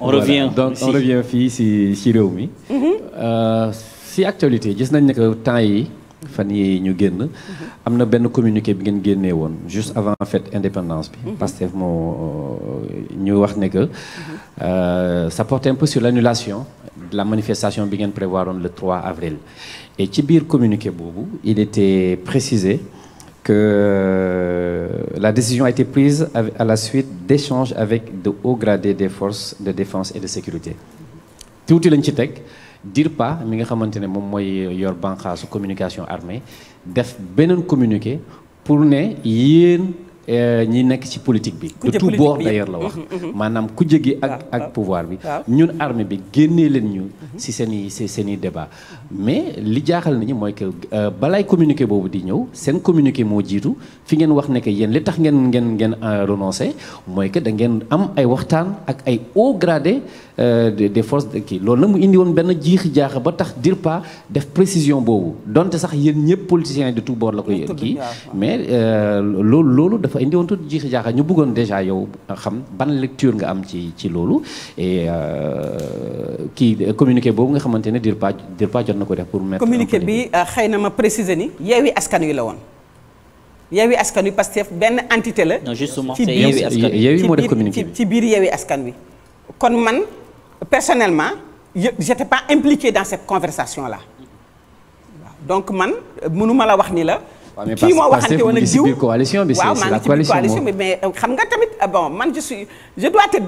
on revient donc on revient fii si si réew mhm. euh, si actualité gis nañ que temps yi new yi ñu génn. am communiqué bi juste avant fête indépendance bi. Mhm. parce que euh, ñu wax ne que. Euh, ça portait un peu sur l'annulation de la manifestation bi prévoir le 3 avril. et ci biir communiqué beaucoup il était précisé que. Euh, la décision a été prise à la suite d'échanges avec de hauts gradés des forces de défense et de sécurité. Tout le monde dire pas, mi nga xamante ne moom mooy yor bànqaasu communication armée def beneen communiqué pour ne yéen. Euh, ñi nekk ci politique bi de tout bord d'ailleurs la wax mm-hmm, mm-hmm. maanaam kujje gi ak ak pouvoir bi ñun armée bi génnee leen ñu si mm-hmm. seen i seen i débat mais li jaaxal nañu mooy que euh, balaay communiqué boobu di ñëw seen communiqué moo jiitu fi ngeen wax ne que yéen li tax ngeen ngeen ngeen euh, renoncé mooy que da ngeen am ay waxtaan ak ay haut gradé Euh, des des forces de qui loolu nag mu indi woon benn jiixi jaaxa ba tax pas def précision boobu dont sax yéen ñëpp politiciens yi de tout bord la koy kii mais euh, lolo loolu dafa indi woon tout jiixi jaaxa ñu bëggoon déjà yow xam ban lecture nga am ci ci lolo et qui euh, communiquer boobu nga xamante ne DIRPA DIRPA jot na ko def pour mettre communiquer bi xëy na ma préciser ni yeewi askan wi la woon yeewi askan parce que ben entité la. non justement c'est yeewi askan wi ci biir yeewi askan wi kon man personnellement je n'étais pas impliqué dans cette conversation là donc man euh, wax ni qui moi waxante une coalition coalition mais ah je je dois te je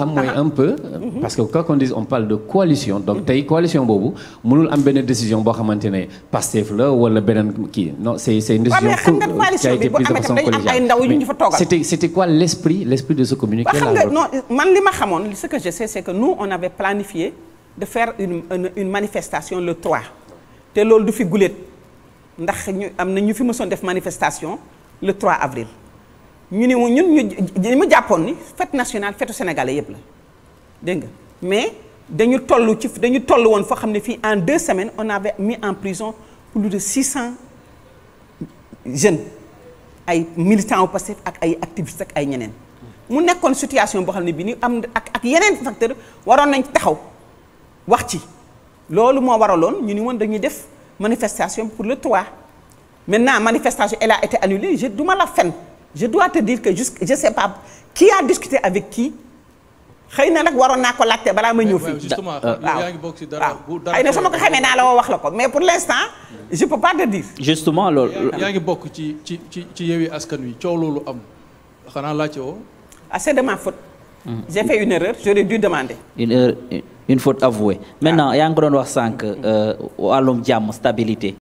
ah, ah. un peu mhm. parce que quand on dit on parle de coalition donc mhm. coalition décision Je dois non c'est une décision qui a été c'était quoi l'esprit l'esprit de ce communiqué là non ce que je sais c'est que nous on avait planifié de faire une une, manifestation le 3 Nous ce du fi ndax ñu avons manifestation le 3 avril Nous avons fait ñu fête nationale fête au Sénégal, mais nous avons fait dañu toll en deux semaines on avait mis en prison plus de 600 jeunes militants opposés et activistes Nous avons fait mu situation qui xam bi facteurs. facteur wax ci loolu moo waraloon ñu ni woon dañuy def manifestation pour le toit. maintenant manifestation elle a été annulée je duma la fen je dois te dire que jusqu' je sais pas qui a discuté avec qui xëy na nag waroon naa ko laajte balaa may ñëw fii. waaw waaw xëy na su ma ko xamee naa la wax la ko mais pour l'instant, instant je peux pas te dire. justement loolu. yaa ngi bokk ci ci ci ci Yewwi Askan Wi coow loolu am xanaa laajte woo. ah c' est de ma faute. Mm. j'ai fait une erreur j'aurais dû demander. une erreur une faute avouée. Maintenant, il y a un grand 5, que l'homme euh, la stabilité.